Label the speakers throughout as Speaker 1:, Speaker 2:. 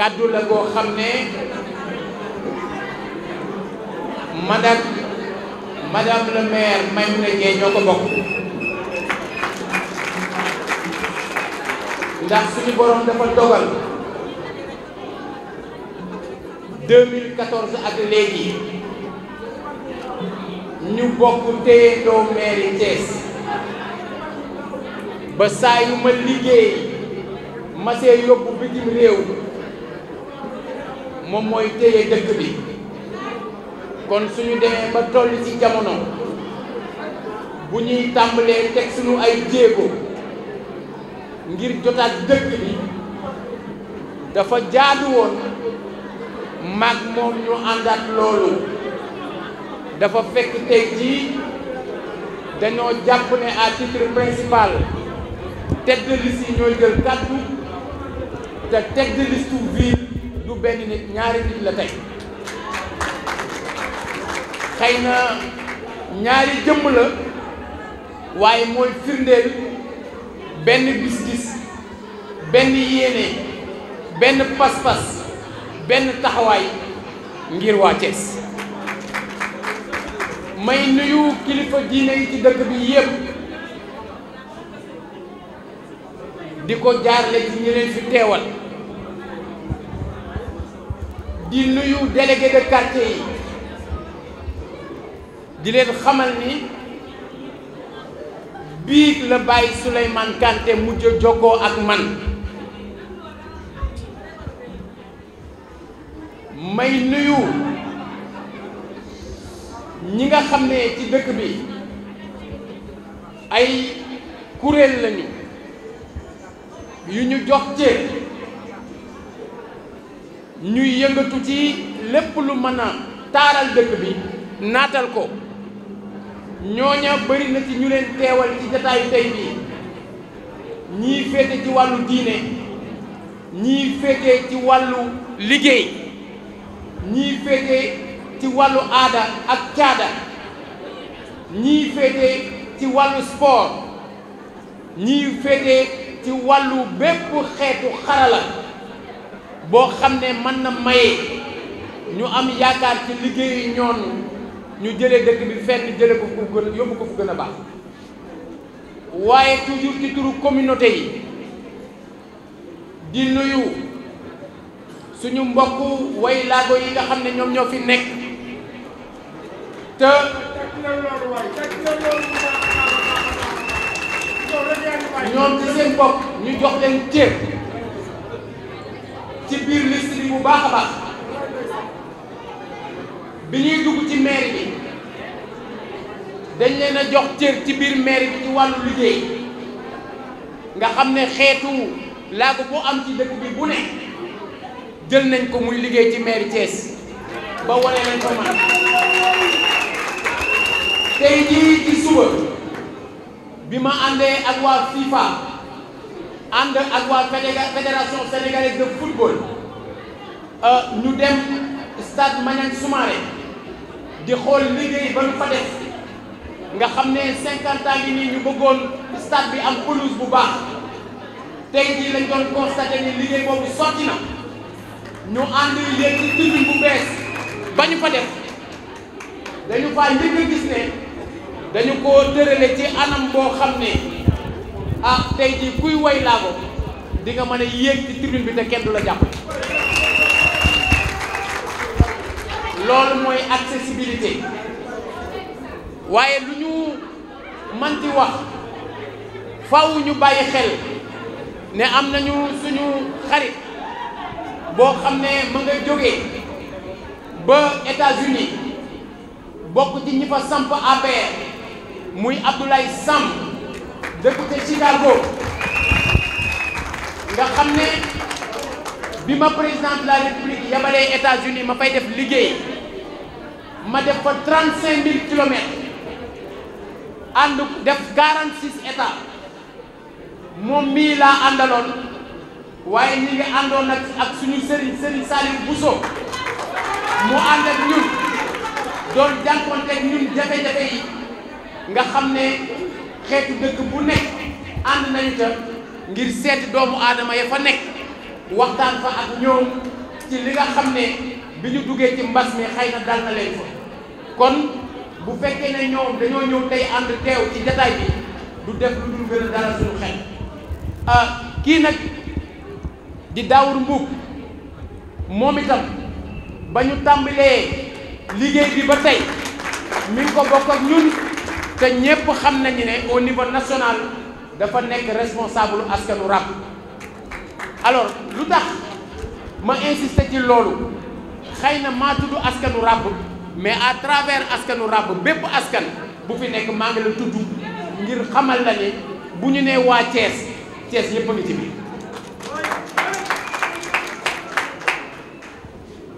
Speaker 1: kàddu la koo xam ne man ak madame le maire Maimouna Dieng ñoo ko bokk ndax suñu borom dafa dogal 2014 ak léegi ñu bokk téye doo mairie Thiès ba saa ma liggéey ma see yóbbu bitim réew moom mooy téye dëkk bi kon suñu demee ba toll ci jamono bu ñuy tàmbalee teg suñu ay jéego ngir jotaat dëkk bi dafa jaadu woon mag moom ñu àndaat loolu dafa fekk tey jii dañoo jàpp ne à titre principal tête de ñooy jël kàddu te tête de liste ville du benn nit ñaari nit la tey na ñaari jëmm la waaye mooy firndeel benn gis-gis benn yéene benn pas-pas benn taxawaay ngir waa Thiès may nuyu kilifa diine yi dëkk bi yépp di ko jaarle ci ñi fi teewal di nuyu délégué de quartier yi di leen xamal ni biig la bàyyi Souleymane mujj jokkoo ak man may nuyu ñi nga xam ne ci dëkk bi ay kuréel lañu yu ñu jox cër ñuy yëngatu ci lépp lu mën a taaral dëkk bi naatal ko ñooña bëri na ci ñu leen teewal ci jataayu ñii féete ci wàllu diine ñii féete ci wàllu liggéey ñii féete ci wàllu aada ak caada ñii féete ci wàllu sport ñii féete ci wàllu bépp xeetu xarala boo xam ne mën na maye ñu am yaakaar ci liggéeyu ñoon ñu jële dëkk bi fenn jëlee ko fu gën yóbbu ko fu gën a baax waaye toujours ci turu communauté yi di nuyu suñu mbokku way laago yi nga xam ne ñoom ñoo fi nekk te ñoom ci seen bopp ñu jox leen cër ci biir liste bu baax a bi ñuy dugg ci mairie bi dañ leen a jox cër ci biir mairie bi ci liggéey nga xam ne xeetu laago boo am ci dëkk bi bu ne jël nañ ko muy liggéey ci mairie Thiès ba wane nañ ko man tey jii ci suba bi ma àndee ak waa FIFA ànd ak waa fédération sénégalaise de football euh, ñu dem stade Maniang Soumaré di xool liggéey ba ñu fa def nga xam ne cinquante ans nii ñu bëggoon stade bi am pelouse bu baax tey jii lañ doon constaté ni liggéey boobu sotti ñu ànd léegi tribune bu bees ba ñu fa def dañu fa njëkk gis ne dañu ko tërale ci anam boo xam ne ah tey jii kuy woy laago di nga mën a yéeg ci tribune bi te kenn du la jàppale loolu mooy accessibilité waaye lu ñu manti wax faw ñu bàyyi xel ne am nañu suñu xarit boo xam ne ma nga jógee ba États-Unis bokk ci ñi fa samp APR muy Abdoulaye Samb député Chicago nga xam ne bi ma président la république yabalee États-Unis ma fay def liggéey ma def fa trente cinq mille kilomètres ànd def quarante six états moom mii laa àndaloon waaye ñi ngi àndoon ak ak suñu sëriñ sëriñ Saliou Bousso mu ànd ak ñun doon jànkoonte ak ñun jafe nga xam ne xeetu dëkk bu nekk ànd nañu ca ngir seeti doomu aadama ya fa nekk waxtaan fa ak ñoom ci li nga xam ne bi ñu duggee ci mbas mi xëy na dal na leen fa kon bu fekkee ne ñoom dañoo ñëw tey ànd teew ci jataay bi du def lu dul gën a suñu xel ah kii nag di Daawur Mbuub moom itam ba ñu tàmbalee liggéey bi ba tey mi ko bokk ñun te ñépp xam nañu ne au niveau national dafa nekk responsable askanu rap alors lu tax ma insister ci loolu xëy na maa tudd askanu rap mais à travers askanu rap bépp askan bu fi nekk maa ngi la tudd ngir xamal la ne bu ñu nee waa Thiès Thiès yépp a ngi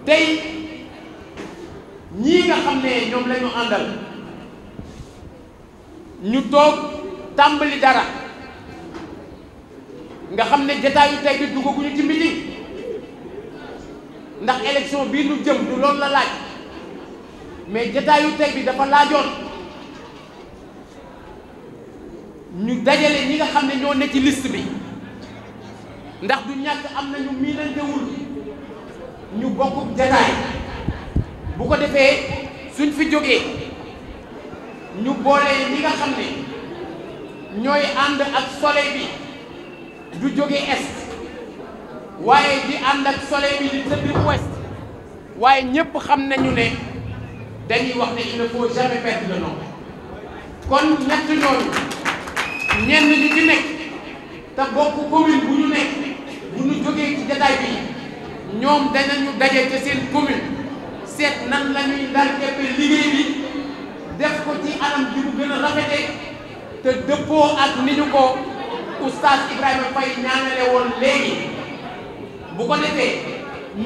Speaker 1: tey ñii nga xam ne ñoom lañu ñu àndal ñu toog tàmbali dara nga xam ne jataayu tey bi duggaguñu ci midi ndax élection bii nu jëm du loolu la laaj mais jataayu tey bi dafa laajoon ñu dajale ñi nga xam ne ñoo ne ci liste bi ndax du ñàkk am na ñu miinantewul ñu bokk jataay bu ko defee suñ fi jógee ñu boole ñi nga xam ne ñooy ànd ak soleil bi du jóge est waaye di ànd ak soleil bi di tëdd ouest waaye ñëpp xam nañu ne dañuy wax ne il ne faut jamais perdre le nom kon ñett ñooñu ñenn ñi ci nekk te bokk commune bu ñu nekk bu ñu jógee ci jataay bi ñoom danañu daje ca seen commune seet nan la ñuy ndar liggéey bi def ko ci anam ji gën a rafete te ak ni ñu ko oustaz Ibrahima Faye léegi bu ko defee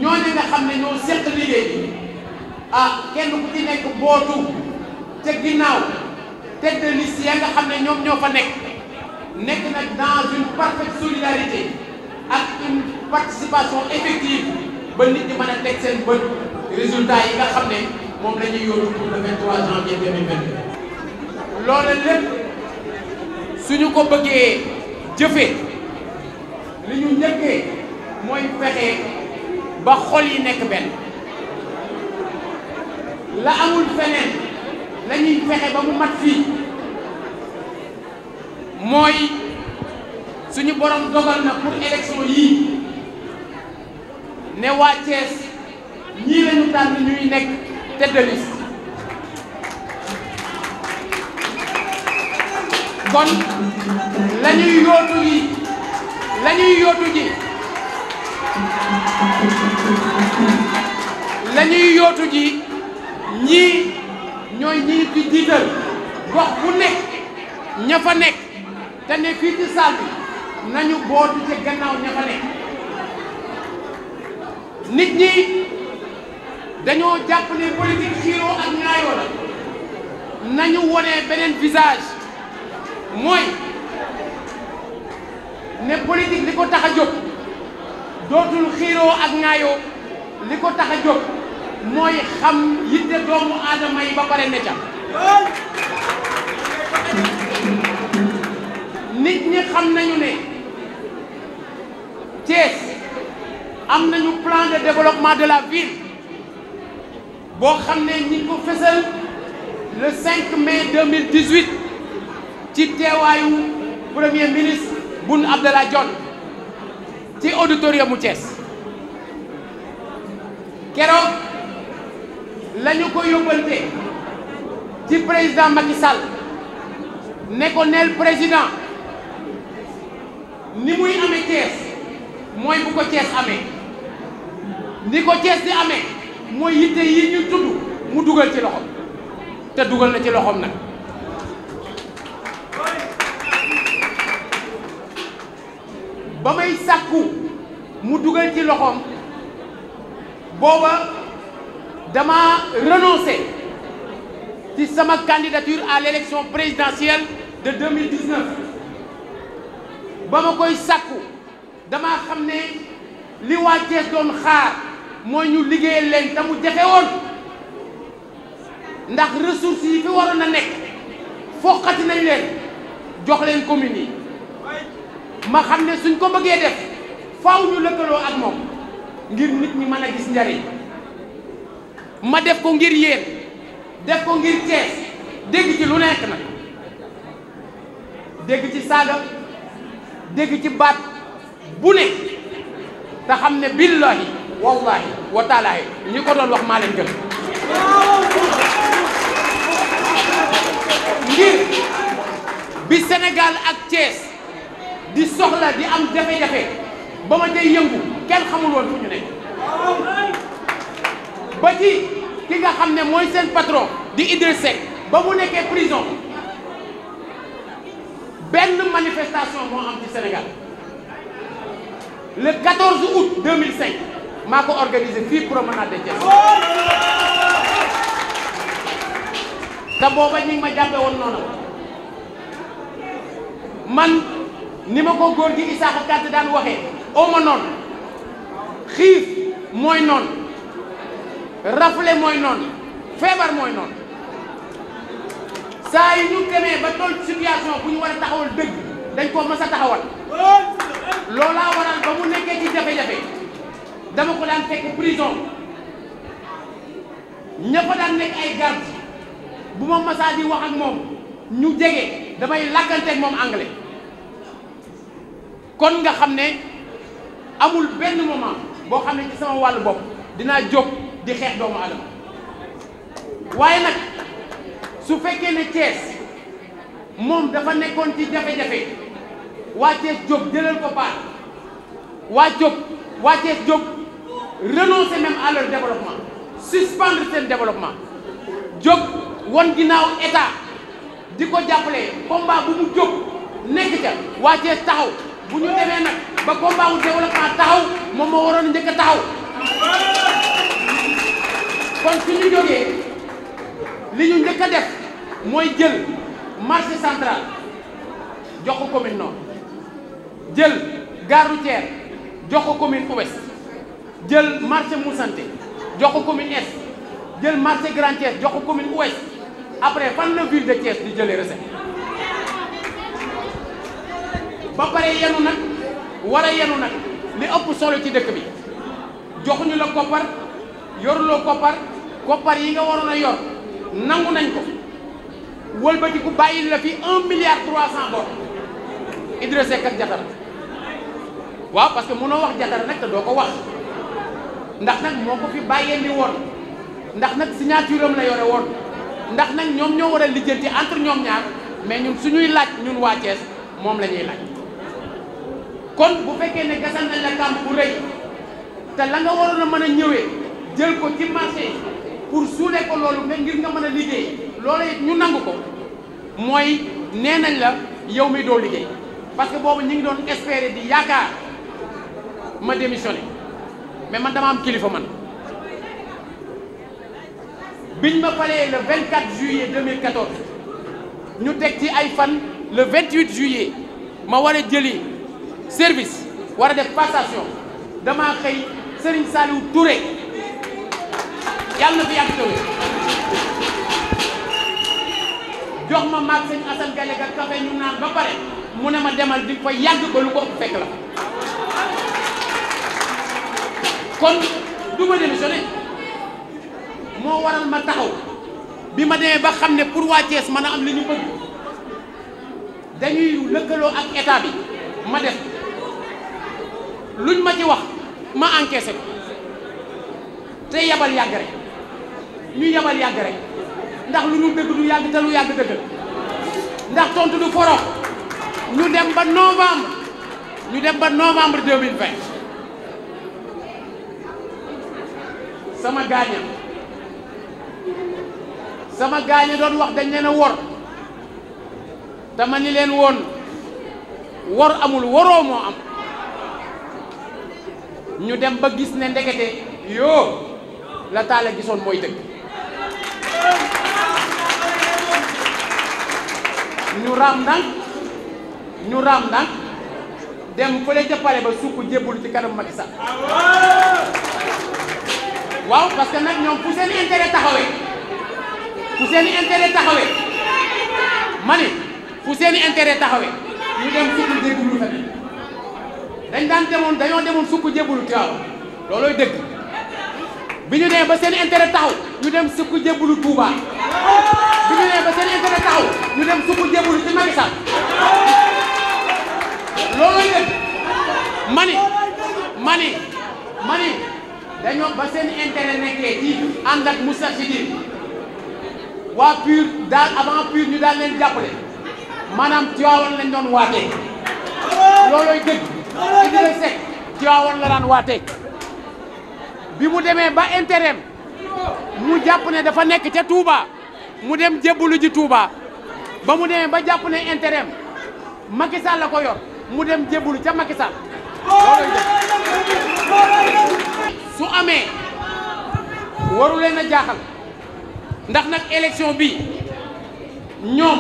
Speaker 1: ñooñu nga xam ne ñoo seq liggéey bi ah, kenn ku ci nekk bootu te ginnaaw tête de liste ya nga xam ne ñoom ñoo fa nekk nekk nag dans une parfaite solidarité ak une participation effective ba nit ñi mën a teg seen bët résultat yi xam ne. moom la ñuy yóbbu ko bëggee jëfe li ñu njëkkee mooy fexe ba xol yi nekk benn la amul feneen la ñuy fexe ba mu mat fii mooy suñu borom dogal na pour élection yii ne waa Thiès ñii ñu tànn ñuy nekk. tête de liste kon la ñuy yóotu yi la ñuy yóotu ñii ñooy ñii di jiital gox bu nekk ña fa nekk te ne fii ci saal bi nañu bootu ci ña fa nekk nit ñi dañoo jàpp ne politique xiiroo ak ñaayoo la nañu wone beneen visage mooy ne politique li ko tax a jóg dootul xiiroo ak ñaayoo li ko tax a jóg mooy xam yitte doomu aadama yi ba nit ñi xam nañu ne Thiès am nañu plan de développement de la ville boo xam ne ñi ko fësal le 5 ci teewaayu premier ministre Boun Abdallah Dionne ci auditorium mu keroog la ko yóbbante ci président Macky Sall ne ko neel président ni muy amee Thiès mooy bu ko Thiès amee ni ko Thiès di amee. mooy yitte yi ñu tudd mu dugal ci loxom te dugal na ci loxom nag ba may sàkku mu dugal ci loxom booba dama renoncé ci sama candidature à l'élection présidentielle de 2019 ba ma koy sàkku dama xam ne li waa Thiès doon xaar mooy ñu liggéey leen te mu jafe woon ndax ressources yi fi waroon a nekk foqati nañ leen jox leen communes yi ma xam ne suñ ko bëggee def faaw ñu lëkkaloo ak moom ngir nit ñi mën a gis njariñ ma def ko ngir yéen def ko ngir Cees dégg ci lu nekk nag dégg ci saaga dégg ci baat bu ne te xam ne billahi wallahi wa taalahi ñi ko doon wax maa leen gën ngir bi Sénégal ak cees di soxla di am jafe-jafe ba ma day yëngu kenn xamul fu ñu ne ba ci ki nga xam ne mooy seen patron di Idriss ba mu nekkee prison benn manifestation moo am ci Sénégal le 14 maa ko organise fii promenade de Thiès te booba ñi ma jàppe woon noonu man ni ma ko góor gi Isaaxa Kàtt daan waxee oo noon noonu xiif mooy noon rafle mooy noonu feebar mooy noonu saa yi ñu demee ba toll situation bu ñu war a taxawal dëgg dañ koo mas a taxawal loolaa waral ba mu nekkee ci jafe-jafe dama ko daan fekk prison ña ko daan nekk ay garde bu ma masaa di wax ak moom ñu jege damay làkkanteeg moom anglais kon nga xam ne amul benn moment boo xam ne sama wàllu bopp dinaa jóg di xeex doomu adama waaye nag su fekkee ne Thiès moom dafa nekkoon ci jafe-jafe waa Thiès jóg jëlal ko paar waa jóg waa Thiès jóg renoncer même à leur développement suspendre seen développement jóg wan ginnaaw état di ko jàppale combat bu mu jóg nekk ca waa taxaw bu ñu demee nag ba combat wu développement taxaw moom moo waroon njëkk a taxaw kon su ñu jógee li ñu njëkk def mooy jël marché central jox ko commune nord jël gare routière jox ko commune ouest jël marché Moussante jox ko commune est jël marché Grand Thiès jox ko commune ouest après fan la ville de Thiès di jëlee reset ba pare yenu nag war a yenu nag li ëpp solo ci dëkk bi joxuñu la koppar yoruloo koppar koppar yi nga waroon a yor nangu nañ ko wëlbatiku bàyyi la fi un milliard trois cent bor Idrissa Seck ak Diattara waaw parce que wax Diattara nag te doo ko wax ndax nag moo ko fi bàyyeendi woon ndax nag signature am la yore woon ndax nag ñoom ñoo war a lijjanti entre ñoom ñaar mais ñun suñuy laaj ñun waa moom la ñuy laaj kon bu fekkee ne gasal nañ la kàmb bu rëy te la nga waroon a mën a ñëwee jël ko ci marché pour suulee ko loolu nga ngir nga mën a liggéey loolu it ñu nangu ko mooy nee nañ la yow mi doo liggéey parce que boobu ñu ngi doon espérer di yaakaar ma démissionné mais man dama am kilifa man biñ ma falee le 24 juillet ñu teg ci ay fan le 28 juillet ma war a jëli service war a def passation dama xëy sëriñ Saliou Touré yàlla na fi yàgg tawee jox ma maag sëñ Assane Gallaga café ñu naan ba pare mu ne ma demal di fa yàgg ba lu ko fekk la kon du ma démissionné moo waral ma taxaw bi ma demee ba xam ne pour waa Thiès mën a am lu ñu bëgg dañuy lëkkaloo ak état bi ma def luñ ma ci wax ma encaissé te yabal yàgg rek ñu yabal yàgg rek ndax lu ñu dëgg du yàgg te lu yàgg dëgg ndax tontu du forox ñu dem ba novembre ñu dem ba novembre 2020 sama gaaña sama gaaña doon wax dañ leen a wor te ma ni leen woon wor amul waroo moo am ñu dem ba gis ne ndekete yoo la taala gisoon mooy dëgg ñu raam ndànk ñu raam ndànk dem fële ca pare ba sukk jébbul ci kanam Macky Sall waaw parce que nag ñoom fu seen intérêt taxawee fu seen intérêt taxawee ma ne fu seen intérêt taxawee ñu dem sukk jébbalu fa dañ daan demoon dañoo demoon sukk jébbalu Tiwaawan loolooy dëgg bi ñu nee ba seen intérêt taxaw ñu dem sukk jébbalu Touba bi ñu nee ba seen intérêt taxaw ñu dem sukk jébbalu ci loolooy dëgg ma ne ma dañoo ba seen intérêt nekkee ci ànd ak Moussa waa PUR daal avant PUR ñu daal leen jàppale maanaam Tivaouane lañ doon waatee loolooy dëgg Idrissa Seck Tivaouane la daan waatee bi mu demee ba intérêt mu jàpp ne dafa nekk ca Touba mu dem jébbalu ji Touba ba mu demee ba jàpp ne intérêt Macky Sall la ko yor mu dem jébbalu ca Macky Sall su amee waru leen a jaaxal ndax nag élection bi ñoom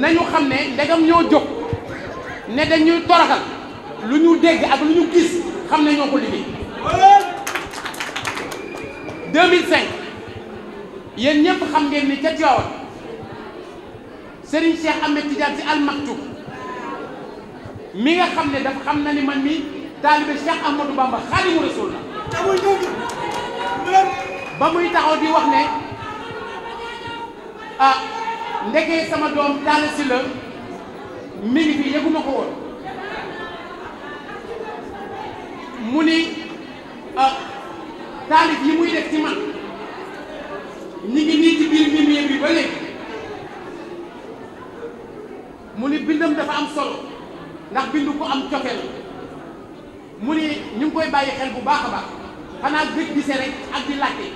Speaker 1: nañu xam ne ndegam ñoo jóg ne dañuy toraxal lu ñu dégg ak lu ñu gis xam ne ñoo ko liggéey 2005 yéen ñëpp xam ngeen ni ca Tivaouane Serigne Cheikh Ahmed Tidiane Sy Al Maktoum mi nga xam ne dafa xam na ni man mi taalibe Cheikh Ahmadou Bamba Xaadimu Rasuul la ba muy taxaw di wax ne ah sama doom Talla Sylla mi ngi fi yëguma ko woon mu ni ah yi muy def ci man ñi ngi nii ci biir mimie bi ba léegi mu ni bindam dafa am solo ndax bindu ko am cofeel mu ni ñu ngi koy bàyyi xel bu baax a baax xanaa gëj gise rek ak di laajte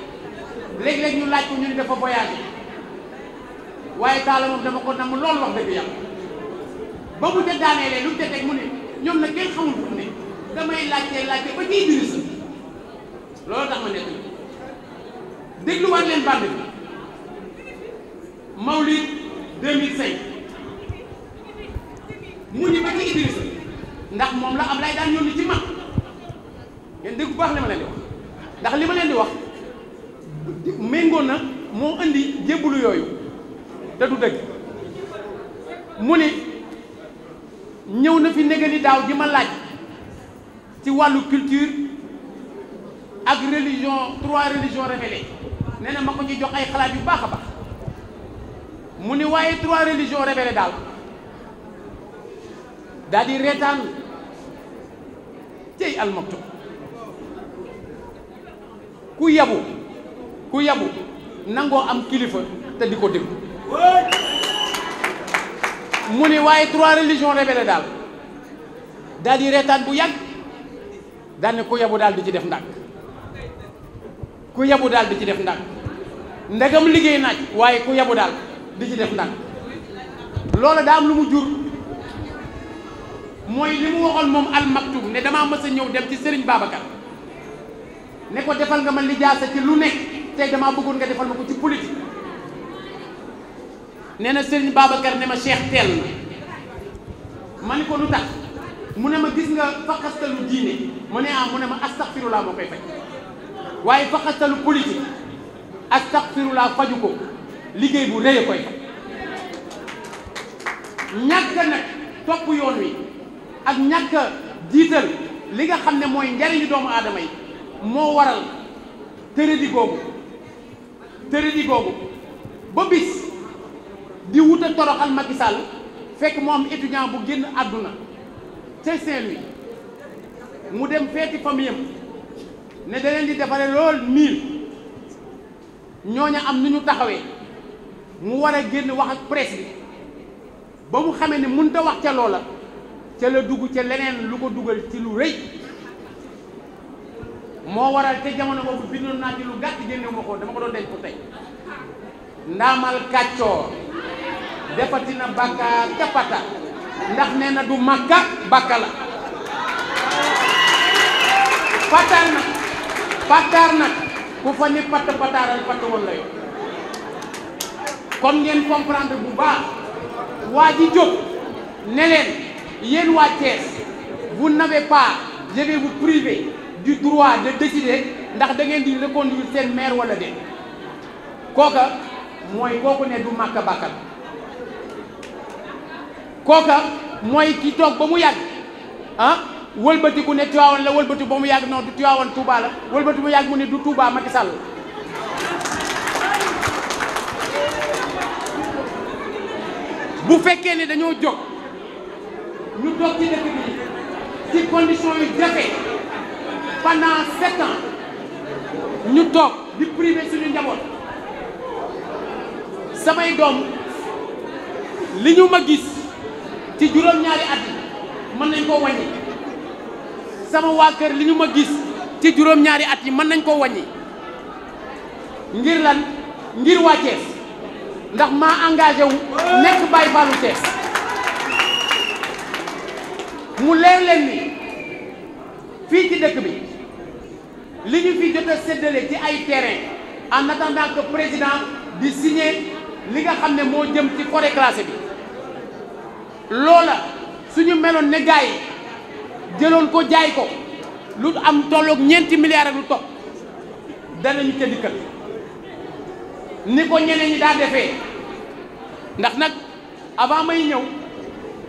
Speaker 1: léeg-léeg ñu laaj ko ñu ni dafa voyagé waaye taala moom dama ko namm lool wax dëgg yàlla ba mu ca daaneelee lu mu ca mu ne ñoom nag kenn xamul fu mu ne damay laajte laajte ba ciy dirisa loolu tax ma nekk dégluwaat leen bànd bi mawlid 2005 mu ñu ba ci Idrissa ndax moom la am Ablaye daan yónni ci mag ngeen dégg bu baax li ma leen di wax ndax li ma leen di wax méngoo na moo indi jébbalu yooyu te du dëgg mu ne ñëw na fi négali daaw di ma laaj ci wàllu culture ak religion trois religions révélées nee na ma ko ci jox ay xalaat yu baax a baax mu ne waaye trois religions révélées daal daal di reetaan cey almaktub ku yabu ku yabu nangoo am kilifa te di ko déglu mu ni waaye trois religions révélées daal daal reetaan bu yàgg daal ne ku yabu daal di ci def ndànk ku yabu daal di ci def ndànk ndegam liggéey naaj waaye ku yabu daal di ci def ndànk loola daa am lu mu jur mooy li mu waxoon moom almaktum ne damaa mës a ñëw dem ci Serigne Babacar ne ko defal nga ma sa ci lu nekk tey damaa bëggoon nga defal ma ko ci politique nee na Serigne Babacar ne ma Cheikh teel na ma ne ko lu tax mu ne ma gis nga faxastalu diine mu ne ah mu ne ma astaxfirulaa moo koy faj waaye faxastalu politique astaxfirulaa faju ko liggéey bu rëy a koy ñàkk nag topp yoon wi. ak ñàkk a jiital li nga xam ne mooy njariñu doomu aadama yi moo waral tërëdi googu tërëdi googu ba bis di wut toroxal Macky fekk moo am étudiant bu génn àdduna ca saint mu dem feeti famille am ne da leen di defare lool miil ñooña am nu ñu taxawee mu war a génn wax ak presse bi ba mu xamee ne mënut a wax ca loola ca la dugg ca leneen lu ko dugal ci lu rëy moo waral te jamono boobu bindoon naa ci lu gàtt génne ma ko dama ko doon denc ko tey ndaamal kàccoor defati na bàkkaar ca pata ndax nee du màkka bàkka la pataar nag pataar nag ku fa ni patt pataaral patt woon la yoon kon ngeen comprendre bu baax waa ji jóg ne yéen waa Thiès vous n'avez pas je vais vous priver du droit de décider ndax da ngeen di reconduire seen maire wala déet kooka mooy kooku ne du màkk bàkkal kooka mooy ki toog ba mu yàgg ah wëlbati ku ne Tiwaawan la wëlbati ba mu yàgg non du Tiwaawan Touba wëlbati mu yàgg mu ne du Touba Macky Sall bu fekkee ne dañoo jóg ñu toog ci dëkk bi ci condition jafe pendant sept ñu toog di privé suñu njaboot samay doom li ñu ma gis ci juróom-ñaari at yi mën nañ ko wàññi sama waa kër li ñu ma gis ci juróom-ñaari at yi mën nañ ko wàññi ngir lan ngir waa Thiès ndax maa engagé wu nekk Baye mu leer leen ni fii ci dëkk bi li ñu fi jot a séddale ci ay terrain en attendant que président di signer li nga ne moo jëm ci forêt classée bi loola suñu meloon ne gars yi ko jaay ko lu am tolloog ñeenti milliards ak lu topp danañu ca ni ko ñeneen ñi daa defee ndax nag avant may ñëw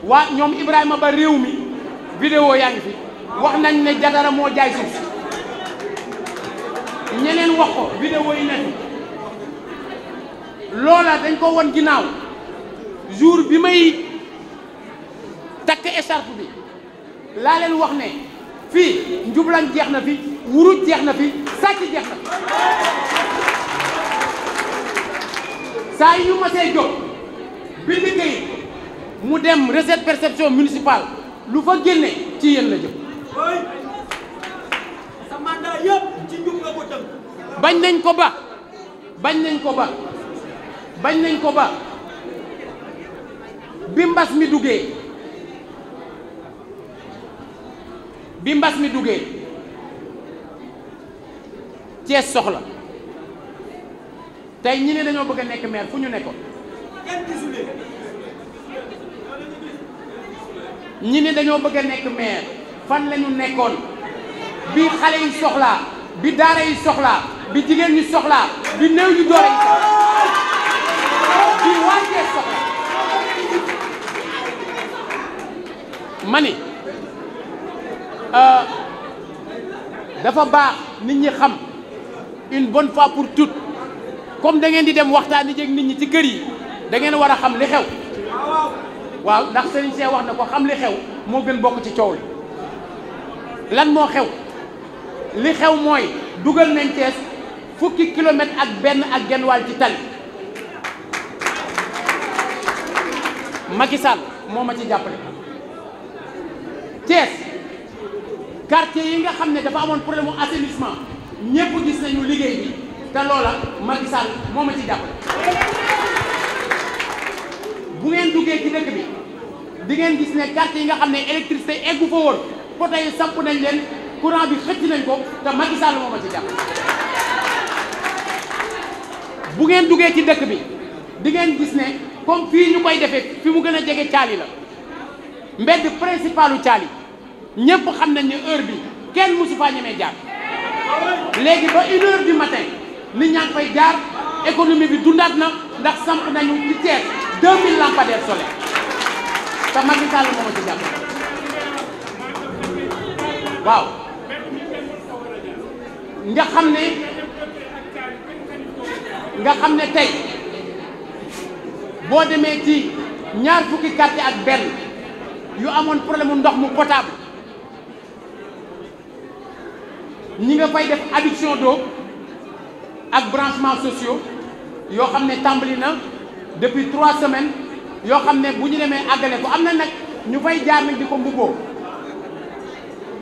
Speaker 1: waa ñoom Ibrahima ba réew mi vidéo yaa ngi fi wax nañ ne Jadara moo jaay suuf si ñeneen wax ko vidéo yi nekk loola dañ ko won ginnaaw jur bi may takk écharpe bi laa leen wax ne fii njublan jeex na fi wuruj jeex na fi sàcc jeex na fi saa yu ñu masee jóg bind këyit mu dem recette perception municipale lu fa génne ci yéen la jëm. ci njub nga ko tënk. bañ nañ ko ba bañ nañ ko ba bañ nañ ko ba bi mbas mi duggee bi mbas mi duggee Cees soxla tey ñi ne dañoo bëgg a nekk maire fu ñu nekkoon. ñi ne dañoo bëgg a nekk maire fan lañu nekkoon bi xale yi soxlaa bi daara yi soxlaa bi jigéen ñi soxlaa bi néew ñu doole yi soxlaa bi euh, dafa baax nit ñi xam une bon fois pour toutes comme da ngeen di dem waxtaan di jéeg nit ñi ci kër yi da ngeen war a xam li xew waaw ndax Serigne Cheikh wax na ko xam li xew moo gën bokk ci coow li lan moo xew li xew mooy dugal nañ Cees fukki kilomètre ak benn ak genn wàll ci tali Macky Sall moo ma ci jàppale Cees quartier yi nga xam ne dafa amoon problème mu assainissement ñëpp gis nañu liggéey bi te loola Macky Sall moo ma ci jàppale bu ngeen duggee ci dëkk bi di ngeen gis ne quartier yi nga xam ne électricité eggu fa woon poto yi samp nañ leen courant bi xëcc nañ ko te Macky Sall moo ma ci jàpp bu ngeen duggee ci dëkk bi di ngeen gis ne comme fii ñu koy defee fi mu gën a jege caali la mbedd principalu caali ñëpp xam nañ ne heure bi kenn mosu faa ñemee jaar léegi ba une heure du matin nit fay jaar économie bi dundaat na ndax samp nañu ci Thiès 2000 lampadaires solaires te Macky Sall moo ma ci jàpp waaw nga xam ne nga xam ne tey boo demee ci ñaar fukki quartier ak benn yu amoon problème ndox mu potable ñi nga fay def adduction d'eau ak branchement sociaux yoo xam ne tàmbali na. depuis trois semaines yoo xam ne bu ñu demee àggale ko am na nag ñu fay jaamit di ko mbubboo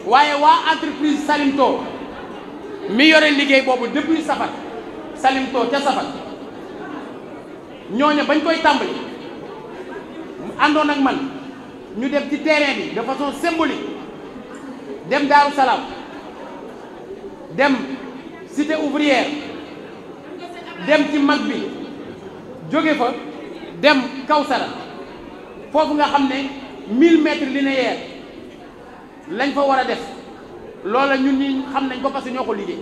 Speaker 1: waaye waa salim Salimto mi yore liggéey boobu depuis safar Salimto ca safar ñooñu bañ koy tàmbali àndoon ak man ñu dem ci terrain bi de façon symbolique dem Daaru Salaam dem cité ouvrière dem ci mag bi jóge fa dem Kawsara foofu nga xam ne 1000 mètres linéaires lañ fa war a def loola ñun ñi xam nañ ko parce que ñoo ko liggéey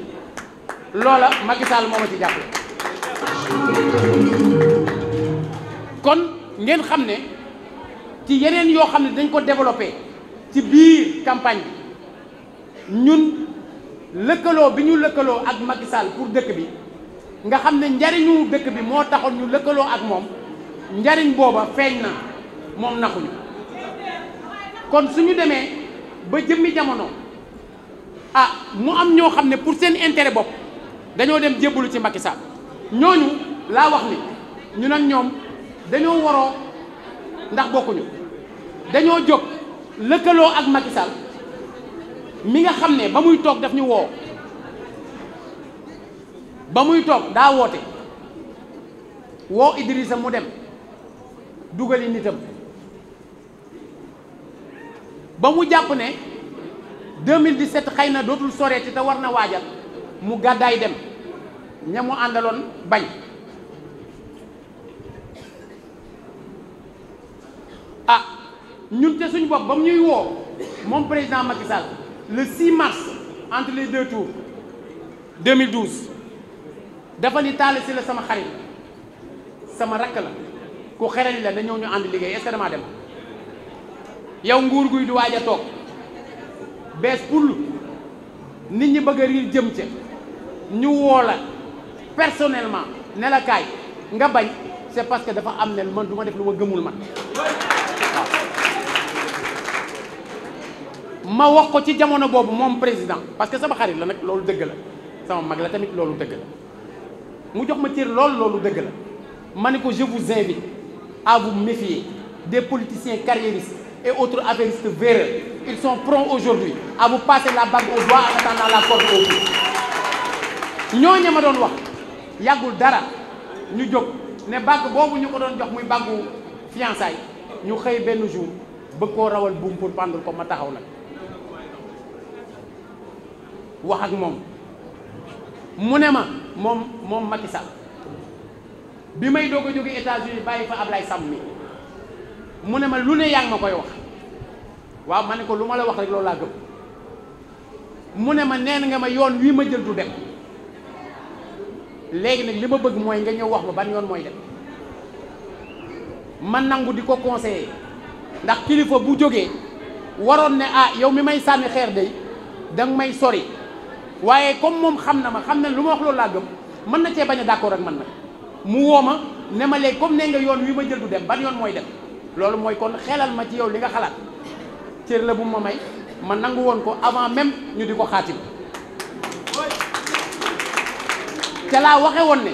Speaker 1: loola Macky Sall moo ci jàppale kon ngeen xam ne ci yeneen yoo xam ne dañ ko développé ci biir campagne bi ñun lëkkaloo bi ñu lëkkaloo ak Macky Sall pour dëkk bi nga xam ne njariñu dëkk bi moo taxoon ñu lëkkaloo ak moom njariñ booba feeñ na moom naxuñu kon su ñu demee ba jëmmi jamono ah mu am ñoo xam ne pour seen intérêt bopp dañoo dem jébbalu ci makisal Sall ñooñu laa wax ni ñu nag ñoom dañoo waroo ndax bokkuñu dañoo jóg lëkkaloo ak makisal mi nga xam ne ba muy toog daf ñu woo ba muy toog daa woote woo Idrissa mu dem dugali nitam ba mu jàpp ne 2017 xay na dootul soreeti te war na waajal mu gàddaay dem ña mu àndaloon bañ ah ñun te suñ bopp ba mu ñuy woo moom président Macky le 6 mars entre les deux tours dafa ni Talla Sylla sama xarit sama rakk la ku xerali la dañoo ñu ànd liggéey est-ce dem yow nguur guy du waaj toog bees pull nit ñi bëgg a riir jëm ca ñu woo la personnellement ne nga bañ c'est parce que dafa am ne man du ma def lu ma gëmul man ma wax ko ci jamono boobu moom président parce que sama xarit la nag loolu dëgg la sama mag la tamit loolu dëgg la mu jox ma cër loolu loolu dëgg la ma ne ko je vous invite à vous méfier des politiciens carriéristes et autres affairistes véreux ils son prompts aujourd'hui à vous passer la bague au doigt en attendant la corde au cou ñooñu doon wax yàggul dara ñu jóg ne bague boobu ñu ko doon jox muy bague fiançailles ñu xëy benn jour bëgg koo rawal buum pour pendul ko ma taxaw nag wax ak moom mu ne ma moom moom Macky Sall bi may doog ko jóge États-Unis bàyyi fa Ablaye Samb mi mu ne ma lu ne yaa ngi ma koy wax waaw ma ne ko lu ma la wax rek loolu laa gëm mu ne ma neen nga ma yoon wii ma jël du dem léegi nag li ma bëgg mooy nga ñëw wax ma ban yoon mooy dem ma nangu di ko conseiller ndax kilifa bu jógee waroon ne ah yow mi may sànni xeer day danga may sori waaye comme moom xam na ma xam ne lu ma wax loolu laa gëm mën na cee bañ a d'accord ak man na mu woo ma ne ma léegi comme ne nga yoon wi ma jël du dem ban yoon mooy dem loolu mooy kon xelal ma ci yow li nga xalaat cër la ma may ma nangu woon ko avant même ñu di ko xaatim waxe woon ne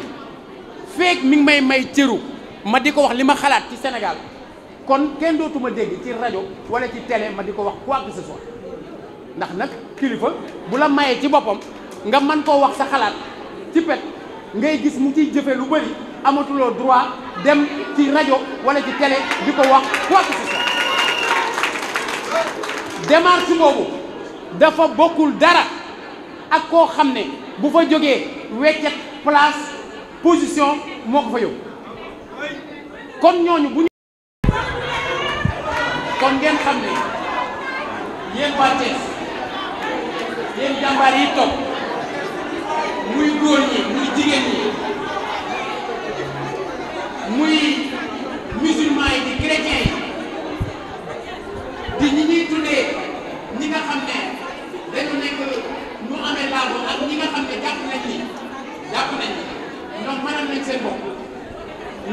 Speaker 1: feek mi ngi may may cëru ma di ko wax li ma xalaat ci Sénégal kon kenn dootuma dégg ci rajo wala ci télé ma di ko wax quoi que ce soit ndax nag kilifa bu la mayee ci boppam nga mën koo wax sa xalaat ci pet ngay gis mu ciy jëfee lu bëri amatuloo droit dem ci rajo wala ci télé di ko wax quoi que ce soit démarche boobu dafa bokkul dara ak koo xam ne bu fa jógee weccet place position moo ko fa yóbbu kon ñooñu bu ñu kon ngeen xam ne yéen jàmbaar yi toog muy góor ñi muy jigéen ñi muy musulman yi di chrétien yi di ñi ñuy tuddee ñi nga xam ne dañu nekk ñu amee laago ak ñi nga xam ne jàpp nañ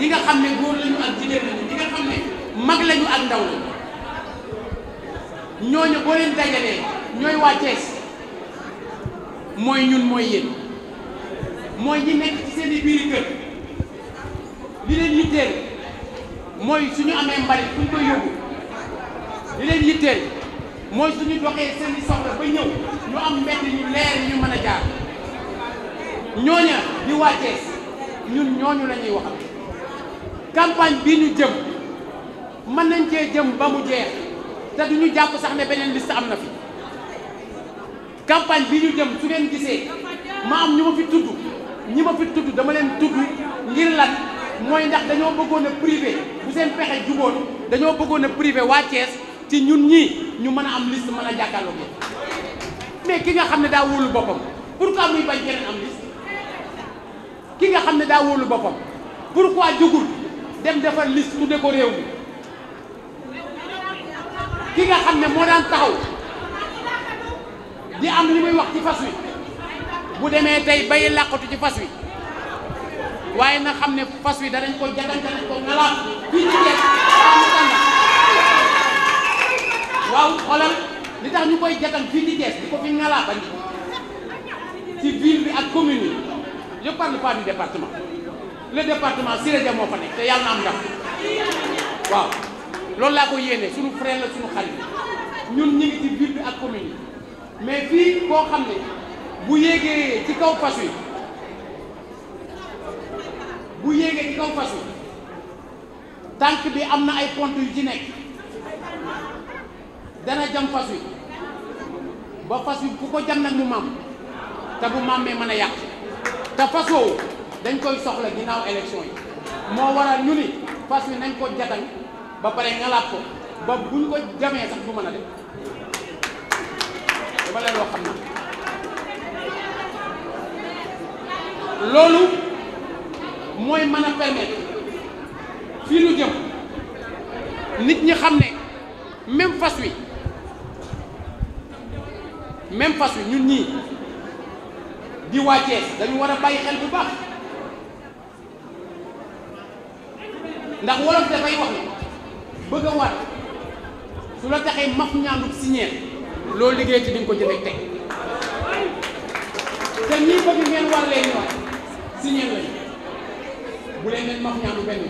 Speaker 1: ñi nga xam ne góor lañu ak jigéen lañu ñi nga xam ne mag lañu ak ndaw ñooñu boo leen dajalee ñooy waa mooy ñun mooy yéen mooy ñi nekk ci seen i biir kër li leen yitteel mooy suñu amee mbalit fu ñu koy yóbbu li leen yitteel mooy suñu doxee seen i soxla ba ñëw ñu am mbedd ñu leer ñu mën a jaar ñooña di waa ñun ñooñu la ñuy waxal bi ñu jëm mën nañ cee jëm ba mu jeex te duñu jàpp sax ne beneen liste am na campagne bi ñu jëm su ngeen gisee ma am ñu ma fi tudd ñi ma fi tudd dama leen tudd ngir lan mooy ndax dañoo bëggoon a privé bu seen pexe juboon dañoo bëggoon a privé waa Thiès ci ñun ñii ñu mën a am liste mën a jàkkaarloo ko mais ki nga xam ne daa wóolu boppam pourquoi muy bañ keneen am liste ki nga xam ne daa wolu boppam pourquoi jógul dem defar liste tudde ko réew mi ki nga xam ne moo daan taxaw li am li muy wax ci fas wi bu demee tey bay làqatu ci fas wi waaye na xam ne fas wi danañ ko jagan danañ ko ngalaat fii ni Thiès waaw xoolal li tax ñu koy jagan fii ci Thiès di ko fi ngalaat bañ ci ville bi ak commune yi je parle pas du département le département Siré Dia moo fa nekk te yàlla na am ndam waaw loolu laa ko yéene sunu frère la sunu xarit ñun ñu ngi ci ville bi ak commune yi mais fii boo xam ne bu yéegee ci kaw fas wi bu yéegee ci kaw fas wi tànk bi am na ay pont yu ci nekk dana jam fas wi ba fas wi ku ko jam nag mu maam te bu maamee mën a yàq te fas dañ koy soxla ginnaaw élection yi moo waral ñu ni fas wi nañ ko jatan ba pare ngalaat ko ba buñ ko jamee sax du mën a def wala loo xam ne loolu mooy mën a permettre fii lu jëm nit ñi xam ne même fas wi même fas wi ñu ñii di waa Thiès dañu war a bàyyi xel bu baax ndax wolof dafay wax ne bëgg a waat su la taxee maf ñaandu siñeer loo liggéey ci di ko jëlee tey te ñii bëgg ngeen war leen ñor si ñeen lañu bu leen leen max ñaanu benn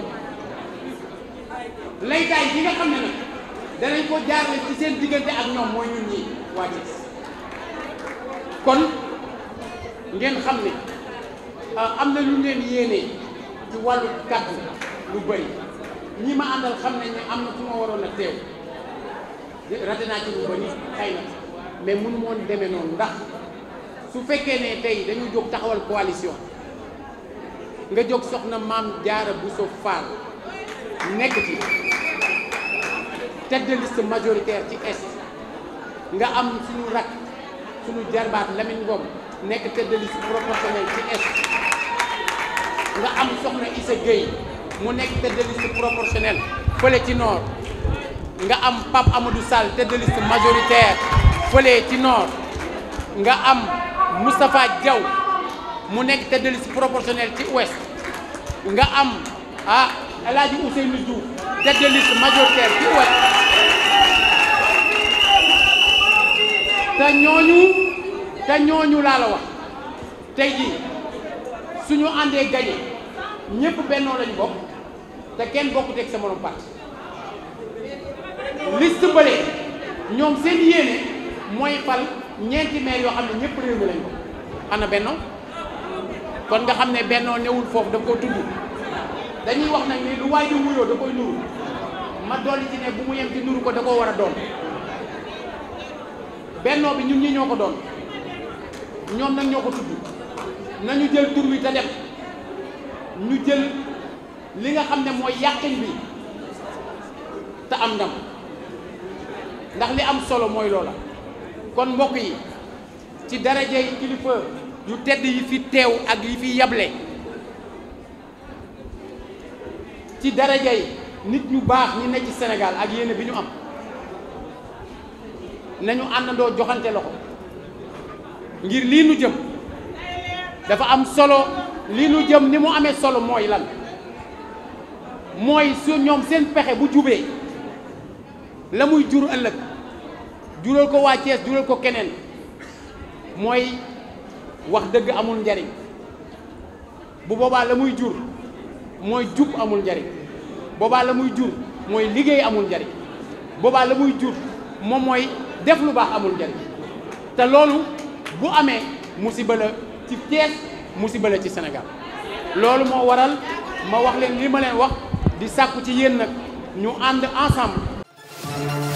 Speaker 1: laytaay yi nga xam ne nag danañ ko jaarale ci seen diggante ak ñoom mooy ñun ñii waa Thiès kon ngeen xam ne ah, am na lu leen yéenee ci wàllu kàddu lu bëri ñii ma àndal xam nañ ne am na fu ma waroon a teew rate naa ci lu bëri xëy na mais mënu moon demee noonu ndax su fekkee ne tey dañu jóg taxawal coalition nga jóg soxna maam jaara Bousso Fall nekk ci tête de liste majoritaire ci est nga am suñu rak suñu jarbaat Lamine Ngom nekk tête de liste ci est nga am soxna Issa Gueye mu nekk tête de liste fële ci nord nga am Pape amadu Sall tête de liste fële ci nord nga am Moustapha Diaw mu nekk tête de liste ci ouest nga am ah El Hadji Ousseynou Diouf tête de liste majoritaire ci ouest te ñooñu te ñooñu laa wax tey suñu àndee gañe ñëpp bennoo lañu bokk te kenn bokkut sa morom parti liste bële ñoom seen yéene mooy fal ñeenti maire yoo xam ne ñëpp réew mi lañ ko ana kon nga xam ne bennoo newul foofu daf ko tudd dañuy wax nag ni lu waay di wuyoo da koy nuru ma dolli ci ne bu mu yem ci nuru ko da koo war a doon bennoo bi ñun ñi ñoo ko doon ñoom nag ñoo ko tudd nañu jël tur wi te def ñu jël li nga xam ne mooy yàqin bi te am ndam ndax li am solo mooy loola kon mbokk yi ci daraje yi kilifa yu tedd yi fi teew ak yi fi yable ci daraje yi nit ñu baax ñi ne ci Sénégal ak yéene bi ñu am nañu àndandoo joxante loxo ngir lii nu jëm dafa am solo lii nu jëm ni mu amee solo mooy lan mooy su ñoom seen pexe bu jubee la muy jur ëllëg jural ko waa Thiès jural ko keneen mooy wax dëgg amul njariñ bu boobaa la muy jur mooy jub amul njariñ boobaa la muy jur mooy liggéey amul njariñ boobaa la muy moom mooy def lu baax amul njariñ te loolu bu amee musiba la ci Thiès musiba la ci senegal loolu moo waral ma wax leen li ma leen wax di sàkku ci yéen nag ñu ànd ensemble